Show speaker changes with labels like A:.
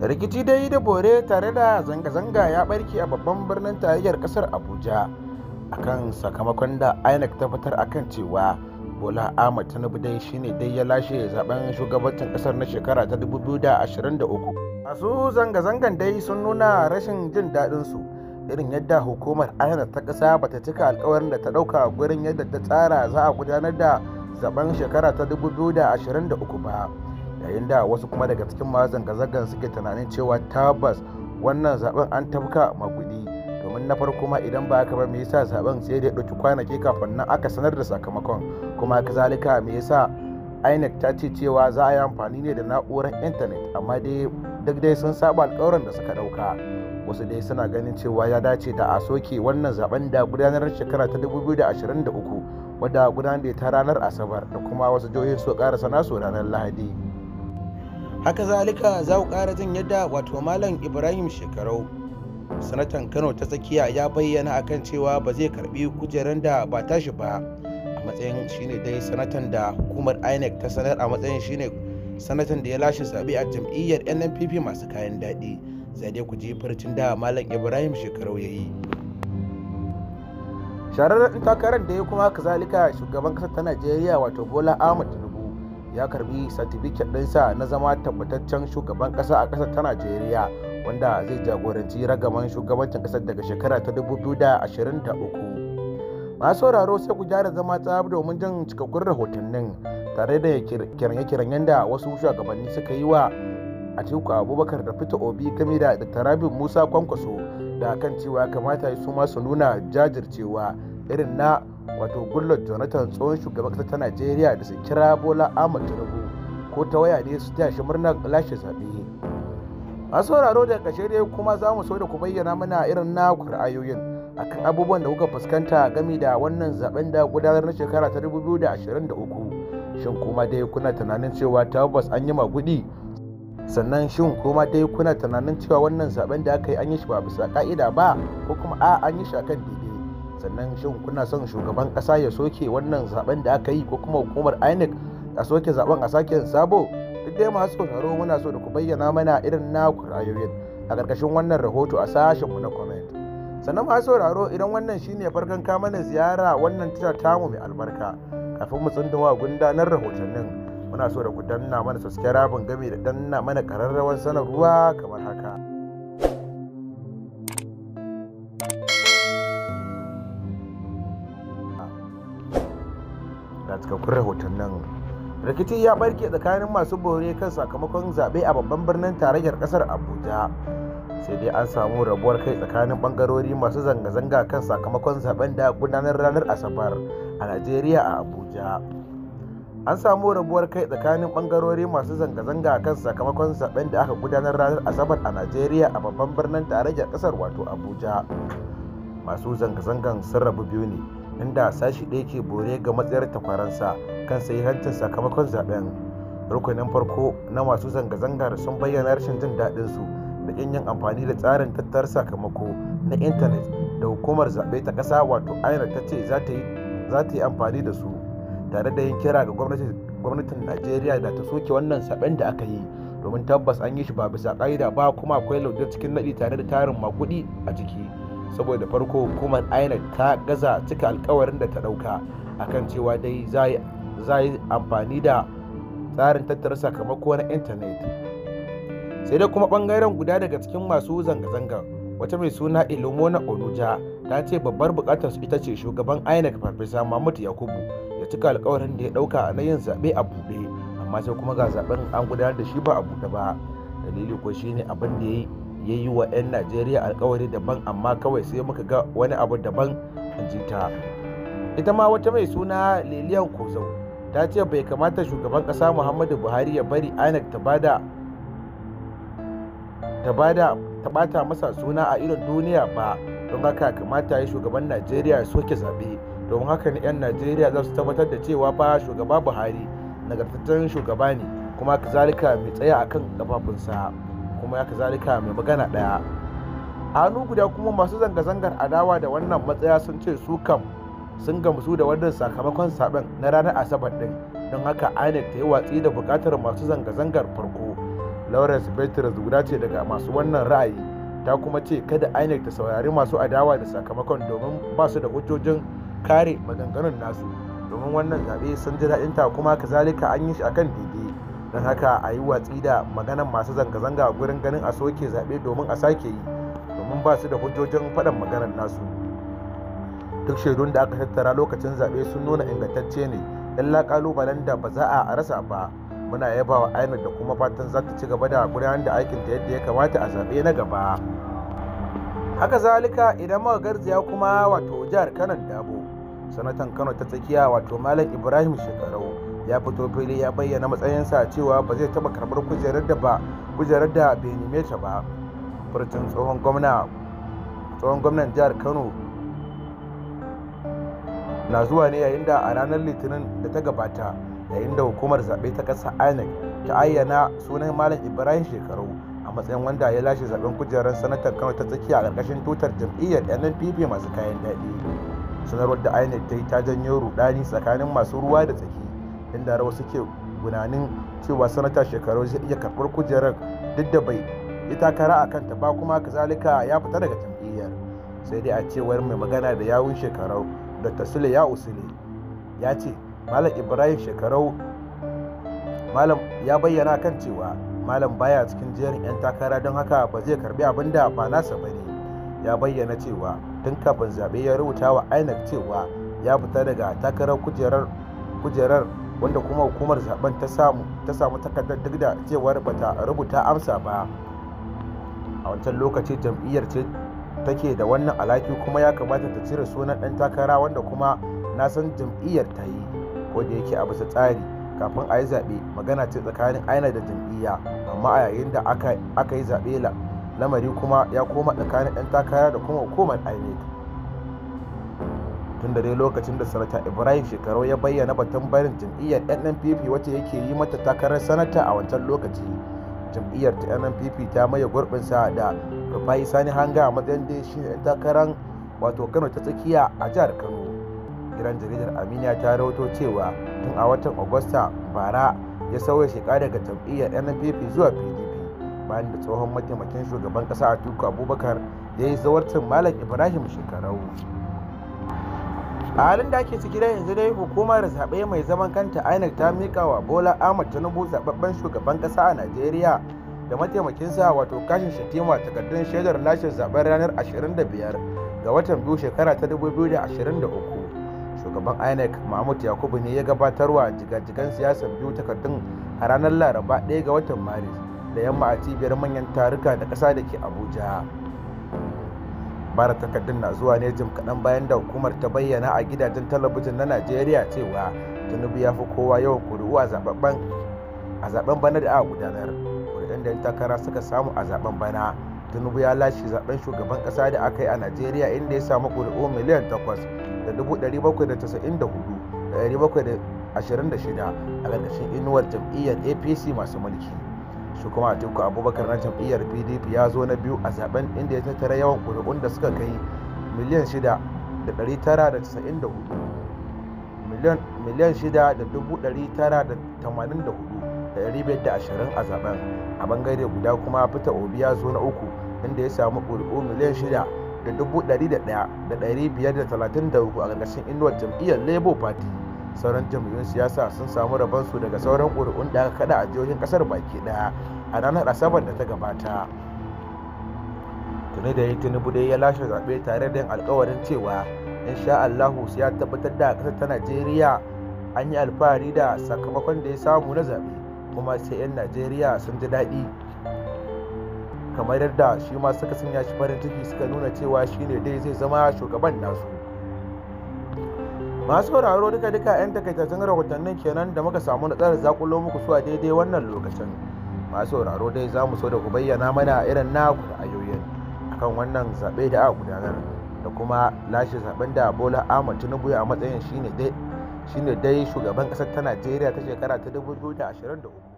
A: rikici dai da bore tare da zanga-zanga ya barke a babban birnin tarayyar kasar abuja kan sakamakon da inec ta fitar akan cewa bola ahmad tinubu dai shine dai ya lashe zaben shugabancin kasar na shekara ta 2023 masu zanga-zangan dai sun nuna rashin jin daɗin su irin yadda hukumar inec ta ƙasa ta cika alkawarin da ta ɗauka gurin yadda ta tsara za a gudanar da zaben shekara ta 2023 ba yayin da wasu kuma daga cikin mazan zanga-zangar suke tunanin cewa tabbas wannan zaben an tabka magudi domin na farko ma idan ba aka ba me yasa zaben sai da ɗauki kwanaki kafin nan aka sanar da sakamakon kuma kazalika me yasa inec ta ce cewa za a yi amfani ne da na'urar intanet amma dai duk dai sun saba alkawarin da suka ɗauka wasu dai suna ganin cewa ya dace da a soke wannan zaben da gudanar shekara ta 2023 wadda gudanar da ta ranar asabar da kuma wasu jihohi su kara sana su ranar lahadi haka zalika za ku ƙara jin yadda wato malam ibrahim shekarau sanatan kano ta tsakiya ya bayyana akan cewa ba zai karbi kujeran da ba tashi ba a matsayin shine dai sanatan da hukumar inec ta sanar a matsayin shine sanatan da ya lashe zaɓe a jam'iyyar nnpp masu kayan daɗi zai dai ku ji farcin da malam ibrahim shekarau ya yi shahararren takarar da ya kuma kazalika shugaban ƙasar ta najeriya wato bola ahmed tinubu ya karbi satifiket ɗinsa na zama tabbataccen shugaban ƙasa a ƙasar ta najeriya wanda zai jagoranci ragaman shugabancin ƙasar daga shekara ta 2023 masu sauraro sai ku gyara zama tsab domin jin cikakkun rahotannin tare da kiranye kiran da wasu shugabanni suka yi wa a abubakar da fita obi game da tarabin musa kwankwaso da kan cewa kamata su ma su nuna jajircewa irin na wato gullar jonathan tsohon shugaban ƙasar ta najeriya da su kira bola ahmad tinubu ko ta waya ne su taya shi murnar lashe zaɓe a sauraro da ƙashe dai kuma za mu so da ku bayyana mana irin na ra'ayoyin akan abubuwan da kuka fuskanta gami da wannan zaben da gudanar na shekara ta 2023 shin kuma dai kuna tunanin cewa tabbas an yi magudi sannan shin kuma dai kuna tunanin cewa wannan zaben da aka yi an yi shi ba bisa ka'ida ba ko kuma a an yi shi akan daidai sannan shin kuna son shugaban kasa ya soke wannan zaben da aka yi ko kuma hukumar inec a soke zaben a sake sabo duk dai masu sauraro muna so da ku bayyana mana irin naku ra'ayoyin a ƙarƙashin wannan rahoto a sashenmu na comment sannan masu sauraro idan wannan shine farkon kamanin ziyara wannan tita tamu mai albarka kafin mu wa gundanar rahotannin muna so da ku danna mana subscribe game da danna mana kararrawan sanarwa kamar haka da cikakkun rahoton nan rikici ya barke tsakanin masu bore kan sakamakon zaɓe a babban birnin tarayyar ƙasar abuja sai dai an samu rabuwar kai tsakanin bangarori masu zanga-zanga kan sakamakon zaben da gudanar ranar asabar a najeriya a abuja an samu rabuwar kai tsakanin bangarori masu zanga-zanga kan sakamakon zaben da aka gudanar ranar asabar a najeriya a babban birnin tarayyar kasar wato abuja masu zanga-zangan sun rabu biyu ne inda sashi ɗaya ke bore ga matsayar takwaransa kan sai hancin sakamakon zaben rukunin farko na masu zanga-zangar sun bayyana rashin jin daɗin su da ƙin yin amfani da tsarin tattar sakamako na intanet da hukumar zaɓe ta ƙasa wato ainihin ta ce za ta yi amfani da su tare da yin kira ga gwamnatin najeriya da ta soke wannan saben da aka yi domin tabbas an yi shi ba bisa ƙa'ida ba kuma akwai laudar cikin naɗi tare da tarin makuɗi a jiki saboda farko hukumar inec ta gaza cika alkawarin da ta ɗauka akan cewa dai za yi amfani da tsarin tattara sakamako na intanet sai dai kuma ɓangaren guda daga cikin masu zanga-zanga wata mai suna na onuja ta ce babbar bukatar su ita ce shugaban inec farfesa mahmud yakubu ya cika alkawarin da ya ɗauka na yin zaɓe a buɗe amma sai kuma ga zaɓen an gudanar da shi ba a buɗe ba dalili ko ne abin da ya yi wa 'yan najeriya alkawari daban amma kawai sai muka ga wani abu daban a jita ita ma wata mai suna liliyan kozau ta ce bai kamata shugaban kasa muhammadu buhari ya bari inec ta bada ta bada ta bata masa suna a irin duniya ba don haka kamata ya shugaban najeriya soke zaɓe domin haka ne 'yan najeriya za su tabbatar da cewa fa shugaba buhari nagartaccen shugaba ne kuma kazalika mai tsaya a kan kafafunsa kuma ya kazalika mai magana daya. a hannu guda kuma masu zanga-zangar adawa da wannan matsaya sun ce su kam sun gamsu da wannan sakamakon saben na ranar asabar din don haka inec ta yi watsi da bukatar masu zanga-zangar farko lawrence petrus guda ce daga masu wannan ra'ayi ta kuma ce kada inec ta saurari masu adawa da sakamakon domin ba su da hujjojin kare maganganun nasu domin wannan zaɓe sun ji daɗin ta kuma kazalika an yi shi akan daidai don haka a yi watsi da maganan masu zanga-zanga gurin ganin a soke zaɓe domin a sake yi domin ba su da hujjojin faɗan maganar nasu duk shaidun da aka tattara lokacin zaɓe sun nuna ingantacce ne illa ƙalubalen da ba za a rasa ba muna yaba wa da kuma fatan za ta ci gaba da gudanar da aikinta yadda ya kamata a zaɓe na gaba. haka zalika idan muka garzaya kuma wato jihar kano dabo sanatan kano ta tsakiya wato malam ibrahim shekarau ya fito fili ya bayyana matsayinsa cewa ba zai taba karbar kujerar da ba kujerar da bai nime ta ba furtun tsohon gwamna tsohon gwamnan jihar kano na zuwa ne yayin da a ranar litinin da ta gabata yayin da hukumar zaɓe ta ƙasa inec ta ayyana sunan malam ibrahim shekaru a matsayin wanda ya lashe zaben kujerar sanatar kano ta tsakiya a ƙarƙashin tutar jam'iyyar nnpp masu kayan daɗi sanarwar da inec ta yi ta janyo rudani tsakanin masu ruwa da tsaki inda rawa suke gunanin cewa sanata shekaru zai iya karɓar kujerar duk da bai yi takara a kanta ba kuma kazalika ya fita daga jam'iyyar sai dai a cewar mai magana da yawun shekarau dr sule ya usule ya ce malam ibrahim shekarau malam ya bayyana kan cewa malam baya cikin jerin 'yan takara don haka ba zai karbi abin da ba nasa ba ne ya bayyana cewa tun kafin zaɓe ya rubuta wa inec cewa ya fita daga takarar kujerar kujerar wanda kuma hukumar zaben ta samu takardar duk da cewar bata rubuta amsa ba a wancan lokaci jam'iyyar ce take da wannan alaki kuma ya kamata ta cire sunan ɗan takara wanda kuma na san jam'iyyar ta yi ko da yake a bisa tsari kafin a yi zaɓe magana ce tsakanin aina da jam'iyya amma a yayin da aka yi zaɓe lamari kuma ya koma tsakanin 'yan takara da kuma hukumar inec tun da dai lokacin da sanata ibrahim shekaru ya bayyana batun barin jam'iyyar nnpp wacce yake yi mata takarar sanata a wancan lokaci jam'iyyar ta nnpp ta maye gurbin sa da rufai sani hanga a matsayin da shi 'yan takarar wato kano ta tsakiya a jihar kano kiran jaridar aminiya ta rawato cewa tun a watan agusta bara ya sauya shiga daga jam'iyyar nnpp zuwa pdp bayan da tsohon mataimakin shugaban kasa atiku abubakar ya yi zawarcin malam ibrahim shekarau a halin da ake ciki dai yanzu dai hukumar zaɓe mai zaman kanta inec ta mika wa bola ahmad tinubu zababben shugaban kasa a najeriya da mataimakinsa wato kashin shatima takardun shaidar lashe zaben ranar 25 ga watan biyu shekara ta 2023 shugaban inec mahmud yakubu ne ya gabatarwa jigajigan siyasar biyu takardun a ranar laraba 1 ga watan maris da yamma a cibiyar manyan taruka da kasa da ke abuja bara takardun na zuwa ne jim kaɗan bayan da hukumar ta bayyana a gidajen talabijin na najeriya cewa tinubu ya fi kowa yawan kuri'u a zaben bana da aka gudanar kuri'un da takara suka samu a zaben bana tinubu ya lashe zaben shugaban ƙasa da aka yi a najeriya inda ya samu kuri'u miliyan takwas da 794,726 a ƙarƙashin inuwar jam'iyyar apc masu mulki Su kuma atiku abubakar na jam'iyyar pdp ya zo na biyu a zaben inda ya tattara yawan kuri'un da suka kai miliyan 6,994 miliyan 6,984 da 520 a zaben a bangare guda kuma fita obi ya zo na uku inda ya samu kuri'u miliyan 6 da 1,533 a ƙarƙashin inuwar jam'iyyar labour party sauran jam'iyyun siyasa sun samu rabansu daga sauran ƙuri'un da aka kada a jihohin ƙasar baki ɗaya a ranar asabar da ta gabata tuni da yi tinubu dai ya lashe zaɓe tare da yin alkawarin cewa insha allahu sai ya tabbatar da ƙasar ta najeriya an yi alfahari da sakamakon da ya samu na zaɓe kuma sai 'yan najeriya sun ji daɗi kamar yadda shi ma suka sanya shi farin ciki suka nuna cewa shi ne dai zai zama shugaban nasu masu sauraro duka duka 'yan takaitattun rahotannin kenan da muka samu na tsarin zakulo muku suwa daidai wannan lokacin masu sauraro dai za mu so da ku bayyana mana irin naku da ayoyin akan wannan zaɓe da aka gudanar da kuma lashe zaɓen da bola ahmad tinubu a matsayin shine dai shine shugaban ƙasar ta najeriya ta shekara ta uku